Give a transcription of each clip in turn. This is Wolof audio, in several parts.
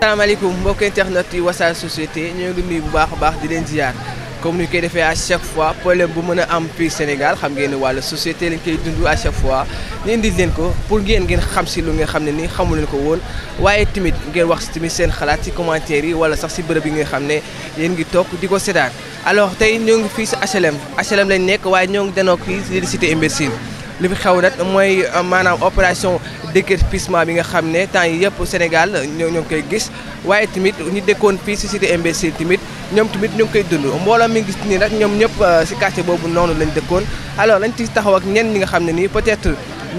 salaamaaleykum mbokk internet yi wasaare société ñoo ngi nuyu bu baax a baax di leen ziar comme ni koy defee à chaque fois problème bu mën a am fii Sénégal xam ngeen ne wàllu société koy dund à chaque fois ñu indil leen ko pour ngeen ngeen xam si lu nga xam ne nii xamul leen ko woon waaye tamit ngeen wax si tamit seen xalaat ci commentaire yi wala sax si bërëb yi nga xam ne yéen ngi toog di ko seetaan alors tey ñoo ngi fii si HLM HLM lañ nekk waaye ñoo ngi danoo fii si cité Imbertine li fi xew nag mooy euh, maanaam opération déguerpissement bi nga xam ne temps yi yëpp Sénégal ñoo ngi koy gis waaye tamit ñi dëkkoon fii si cité imbécile tamit ñoom tamit ñu ngi koy dund mbooloo mi gis nii rek ñoom ñëpp si euh, quartier boobu noonu lañ dëkkoon alors lañ ci taxaw ak ñenn ñi nga xam ne nii peut-être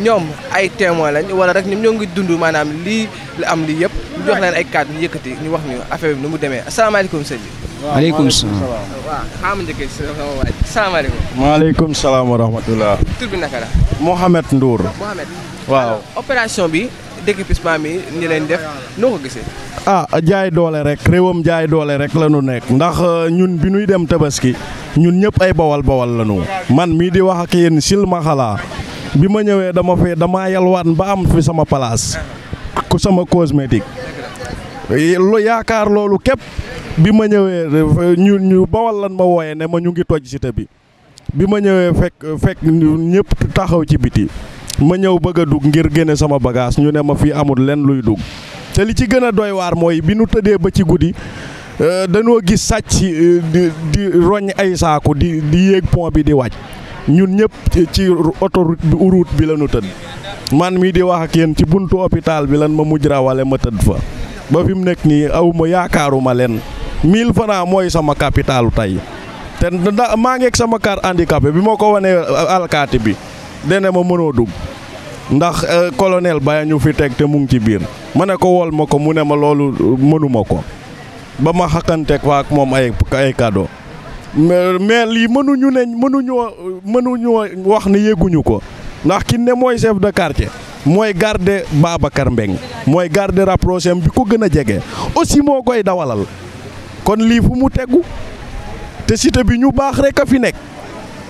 ñoom ay témoin lañ wala rek ñoom ñoo ngi dund maanaam lii la am lii yëpp ñu jox leen ay kàddu ñu yëkkati ñu wax ñu affaire nu mu demee asalaamaaleykum sëñ bi waaw xaaral ma salaamaaleykum. maaleykum salaam wa rahmatulah. tur bi naka la. Mouhamed waaw opération bi déguerpissement bi ni leen def noo ko gisee. ah jaay doole rek réewam jaay doole rek la nekk ndax euh, ñun bi nuy dem tabaski ñun ñëpp ay bawal bawal la man mii di wax ak yéen silmaxa laa bi ma ñëwee dama fee dama yalwaan ba am fi sama place ku sama cosmétique. lu yaakaar loolu képp bi ma ñëwee ñu ñu bawal lan ma wooyee ne ma ñu ngi toj cité bi bi ma ñëwee fekk fekk ñëpp taxaw ci biti ma ñëw bëgg a dugg ngir génne sama bagage ñu ne ma fii amul lenn luy dugg te li ci gën a doy waar mooy bi nu tëddee ba ci guddi euh, dañoo gis sàcc euh, di di roñ ay saaku di di yéeg pont bi di wàcc ñun ñëpp ci autoroute bi bi la ñu tëdd man mii di wax ak yéen ci buntu hôpital bi lan ma mujj rawale ma tëdd fa. ba fi mu nekk nii aw ma yaakaaruma leen 1000 francs mooy sama capitalu tey te ndax maa ngeeg sama carte handicapé bi moo ko wanee uh, alkaati bi dene ma mënoo dugg ndax uh, colonel ba ñu fi teg te mu ci biir ma ne ko wol ma ko mu ne ma loolu uh, mënuma ko ba ma xaqanteeg fa ak moom ay ay cadeau mais lii mënuñu ne mënuñoo mënuñoo wax ne yëguñu ko ndax ki ne mooy chef de quartier mooy garde Babacar Mbeng mooy garde rapproché bi ko gën a jege aussi moo koy dawalal kon lii fu mu tegu te cité bi ñu baax rek a fi nekk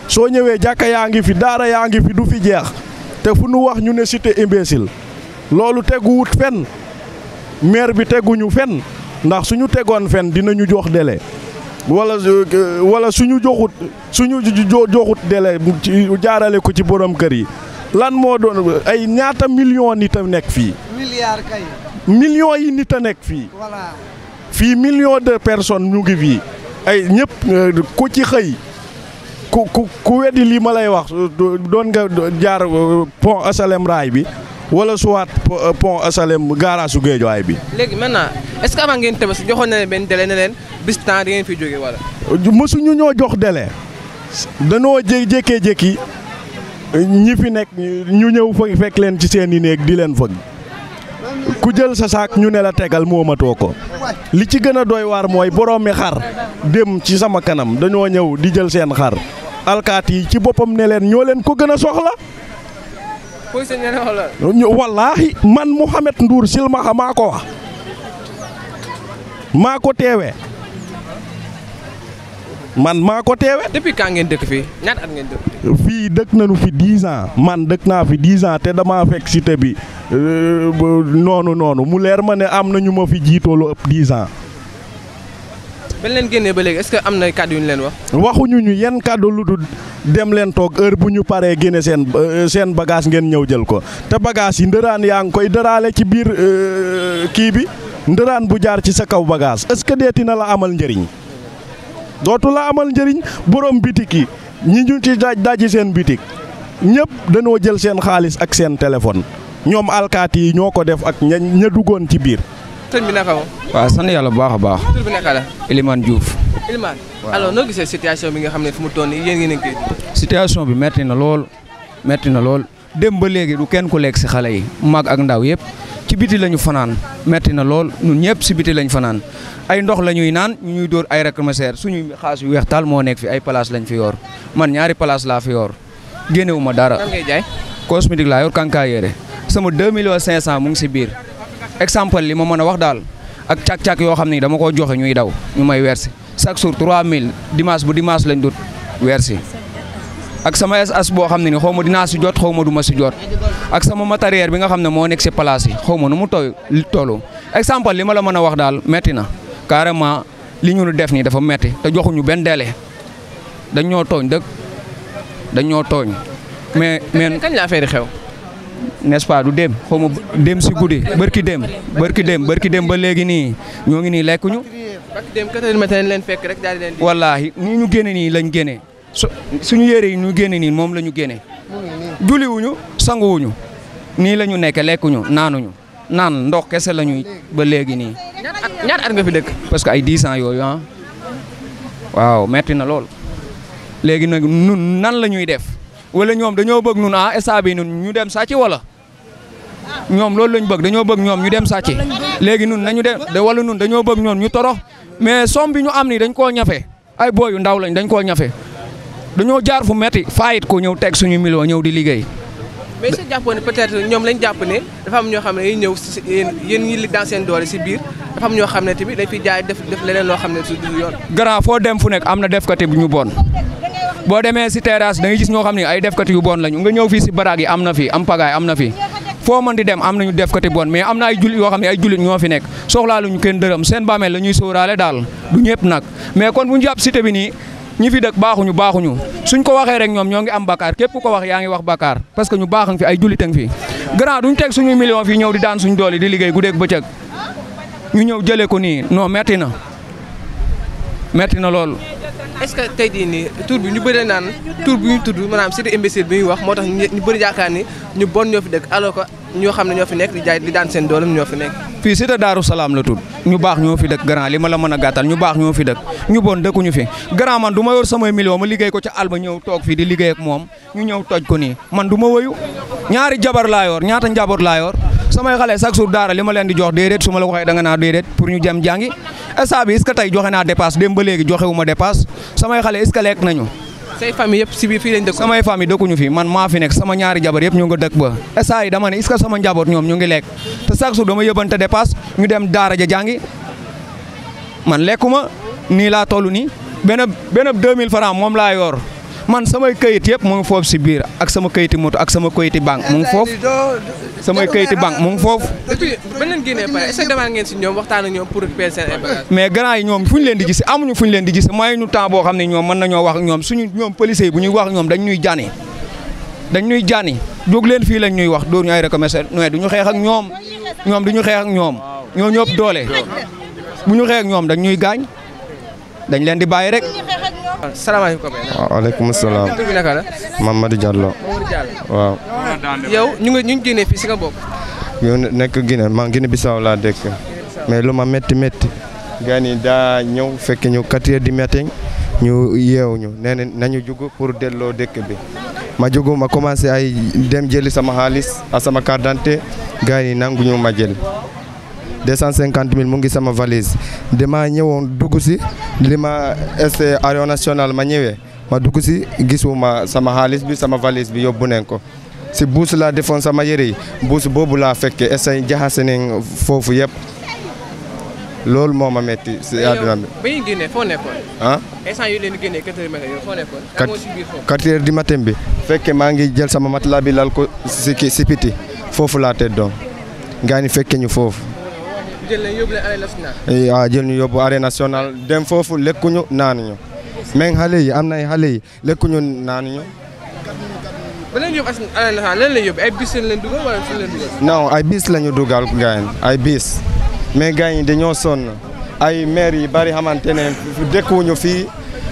soo ñëwee jàkka yaa ngi fi daara yaa ngi fi du fi jeex te fu nu wax ñu ne cité imbécile loolu teguwut fenn maire bi teguñu fenn ndax su ñu tegoon fenn dinañu jox délai walla wala suñu joxut suñu joxut délai jaarale ko ci borom kër yi lan moo doon ay ñaata million nit a nekk fii. milliards yi nit a nekk fii. voilà fii millions de personnes ñu ngi fii ay ñëpp euh, ku ci xëy ku ku ku weddi lii ma lay wax doon nga jaar euh, pont Asalem raay bi wala soit pont euh, Asalem gaaraasu su waay bi. léegi maintenant est-ce que avant ngeen Tabaski joxoon na leen benn délai fi jógee wala. mësuñu ñoo jox délai. danoo jékkee jékki. ñi fi nekk ñu ñëw fa fekk leen ci seeni néeg di leen fëgg ku jël sa saak ñu ne la tegal moomatoo ko li ci gën a doy waar mooy boroomi xar dém ci sama kanam dañoo ñëw di jël seen xar alkaati yi ci boppam ne leen ñoo leen ko gën a soxla. wallaahi man mu Mouhamed nduur silmaxa maa ko wax maa ko teewee. man maa ko teewe depuis quand ngeen dëkk fii ñaata at ngeen dëkk. fii dëkk nañu fi dix man dëkk naa fi dix ans te damaa fekk cité bi euh, noonu noonu mu leer ma ne am nañu ñu ma fi jiitoolu ëpp dix ans. bañ leen génnee ba léegi est-ce que am na kàddu yu ñu leen wax. waxuñu ñu yenn kàddu lu dul dem leen toog heure bu ñu paree génne seen euh, seen bagage ngeen ñëw jël ko te bagage yi ndëraan yaa ngi koy daraale ci biir euh, kii bi ndëraan bu jaar ci sa kaw bagage est-ce que deeti na la amal njëriñ. dootu la amal njëriñ borom bitik yi ñi ñu ci daaj daaji seen bitik ñëpp dañoo jël seen xaalis ak seen téléphone ñoom alkaati yi ñoo ko def ak ña ña duggoon ci biir. sëñ bi waaw sant yàlla bu baax a baax. tur bi naka la. Elimane Diouf. Elimane alors noo gisee situation bi nga xam ne fu mu toll nii yéen ngi nekk situation bi metti na lool metti na lool. dem ba léegi du kenn ku lekk si xale yi mag ak ndaw yëpp. ci biti la ñu fanaan metti na lool ñun ñëpp si biti lañ fanaan ay ndox la ñuy naan ñu ñuy dóor ay recommencer suñu xaas yu weex taal moo nekk fi ay place lañ fi yor man ñaari place laa fi yor génnewu ma dara. lan ngay jaay. cosmétique laa yor kankaa yére sama 2 mu ngi si biir exemple li ma mën a wax daal ak càq-càq yoo xam ne dama ko joxe ñuy daw ñu may weer si chaque jour 3000 dimanche bu dimanche lañ dut weer si. ak sama SS boo xam ne ni xaw ma dinaa si jot xaw ma du ma si jot ak sama matériel bi nga xam ne moo nekk si place yi xaw ma nu mu tooy tollu exemple li ma la mën a wax daal metti na carrément li ñu def nii dafa metti te joxuñu benn dele dañ ñoo tooñ dëgg dañ ñoo tooñ. mais mais kañ affaire xew. n'est-ce pas du dem xaw ma dem si guddi bërki dem bërki dem bërki dem ba léegi nii ñoo ngi nii lekkuñu. bërki dem leen fekk rek daal di leen. wallaahi nii ñu génne nii lañ génne. su suñu yére yi ñu génne nii moom la ñu génne. juliwuñu sanguwuñu nii la ñu nekkee lekkuñu naanuñu naan ndox kese la ba léegi nii. ñaata at nga fi dëkk. parce que ay dix ans yooyu ah waaw metti na lool léegi nag nun nan lañuy def wala ñoom dañoo bëgg nun ah instant bii nun ñu dem sàcc wala ñoom loolu la bëgg dañoo bëgg ñoom ñu dem sàcc léegi nun nañu dem wala nun dañoo bëgg ñoom ñu torox mais somme bi ñu am nii dañ koo ñafe ay booy yu ndaw lañ dañ koo ñafe. dañoo jaar fu metti faayit ko ñëw teg suñu million ñëw di liggéey. mais su jàppoon ne ñoom lañ jàpp ne dafa am ñoo xam ne ñëw si yéen yéen ñi daan seen am ñoo xam ne tamit dañ fi jaay def def leneen loo xam ne su du yoon. grand foo dem fu nekk am na defkati bu ñu bon boo demee si terrasse da gis ñoo xam ne ay defkati yu bon lañu nga ñëw fii si baraag yi am na fi am pagaay am na fi foo mën di dem am nañu defkati bon mais am na ay jullit yoo xam ne ay ñoo fi nekk soxlaaluñu kenn dërëm seen bàmmeel la ñuy sóoraale daal du ñëpp nag mais kon bu ñu ñi fi dëkk baaxuñu baaxuñu suñ ko waxee rek ñoom ñoo ngi am bakkaar képp ko wax yaa ngi wax bakkaar parce que ñu baax fi ay jullit ngi fi grand duñ teg suñuy million fi ñëw di daan suñu doole di liggéey guddeeg bëccëg ñu ñëw jëlee ko nii non metti na metti na lool est-ce que tey jii nii tur bi ñu bëree naan tur bi ñu tudd maanaam cité imbécile bi ñuy wax moo tax ñu bëri yaakaar ni ñu bon ñoo fi dëkk alors que ñoo xam ne ñoo fi nekk di jaay di daan seen doolam ñoo fi nekk. fii cité Daaru Salaam la tudd ñu baax ñoo fi dëkk grand li ma la mën a gàttal ñu baax ñoo fi dëkk ñu bon dëkkuñu fi grand man du ma yor samay million ma liggéey ko ca àll ba ñëw toog fii di liggéey ak moom ñu ñëw toj ko nii man du ma wëyu ñaari jabar laa yor ñaata njaboot laa yor samay xale leen di jox déedéet su ma la waxee da nga naa déedéet pour instant bi est ce tey joxe naa dépasse dem ba léegi joxe wu ma dépasse samay xale est ce que lekk nañu. yëpp si biir fii lañ dëkk. samay famille dëkkuñu fi man maa fi nekk sama ñaari jabar yëpp ñu ngi dëkk ba instant yi dama ne est ce que sama njaboot ñoom ñu ngi lekk te chaque jour dama yëbante dépasse ñu dem daara ja jàngi man lekkuma nii laa toll nii benn benn 2000 francs moom laa yor. man samay kayit yëpp mu ngi foofu si biir ak sama kayiti moto ak sama kayiti banque mu ngi foofu samay kayiti banque foofu. est-ce que ngeen si ñoom waxtaan ak ñoom pour seen ay bagages. mais grand yi ñoom fu ñu leen di gis amuñu fu ñu leen di gis may ñu temps boo xam ne ñoom mën nañoo wax ak ñoom suñu ñoom police yi bu ñuy wax ak ñoom dañ ñuy jànni dañ ñuy jànni jóg leen fii lañ ñuy wax dóor ñu ay recommencé du ñu xeex ak ñoom ñoom du ñu xeex ak ñoom ñoo ñëpp doole bu ñu xeex ñoom dañ ñuy gaañ dañ leen di bàyyi rek salaamaaleykum. waaleykum salaam. tur bi naka la. Mamadou Diallo. Mamadou Diallo waaw. yow ñu ngi ñu nga bokk. ñu nekk Guinée man Guinée Bissau laa dëkk. mais lu ma métti métti. gars yi daa ñëw fekk ñu 4 heures du matin ñu yeewu ñu nañu jug pour delloo dëkk bi. ma jug ma commencé ay dem jëli sama xaalis ak sama carte d'identité gars yi nanguñu ma jël. deux cinquante mille mu ngi sama valise damaa ñëwoon dugg si li ma est aéro national ma ñëwee ma dugg si gisuma sama xaalis bi sama valise bi yóbbu nañ ko si buus laa defoon sama yére yi buus boobu laa fekkee est jaxase nañ foofu yëpp loolu moo ma metti si àdduna bi. ba di génnee foo ah? bi. fekkee maa ngi jël sama matelas bi lal ko si si foofu laa tëddoon ngaa ni fekkee ñu foofu. jël leen yóbbu eh, ah, ñu yóbbu arène nationale dem foofu lekkuñu naanuñu mais xale yi am na ay xale yi lekkuñu naanuñu. ba leen yóbbu arène nationale lan ay bis leen dugal wala leen dugal. ay biis la dugal gaañ ay bis mais gaañ yi dañoo sonn ay maire yi bari xamante ne dëkkuwuñu fii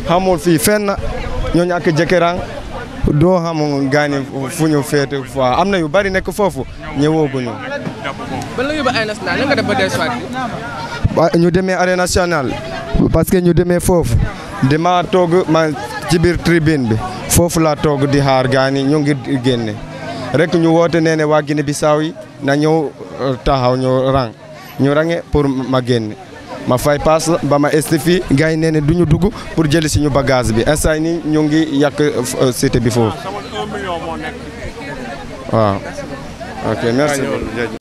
xamul fii fenn ñoo ñàkk jëkkëraan doo xam gaañ fu ñu féete am na yu bari nekk foofu ñëwooguñu. ban ñu demee arène nationale parce que ñu demee foofu di dama toog ma ci biir tribune bi foofu laa toog di xaar gaani ñu ngi génne rekk ñu woote nee ne waa Guinée Bissau yi na ñëw euh, taxaw ñu rang ñu range pour ma génne ma fay paas ba ma esti fii ne du ñu dugg pour jëli suñu bagage bi instant ni ñu ngi yàq euh, cité bi foofu ah, waaw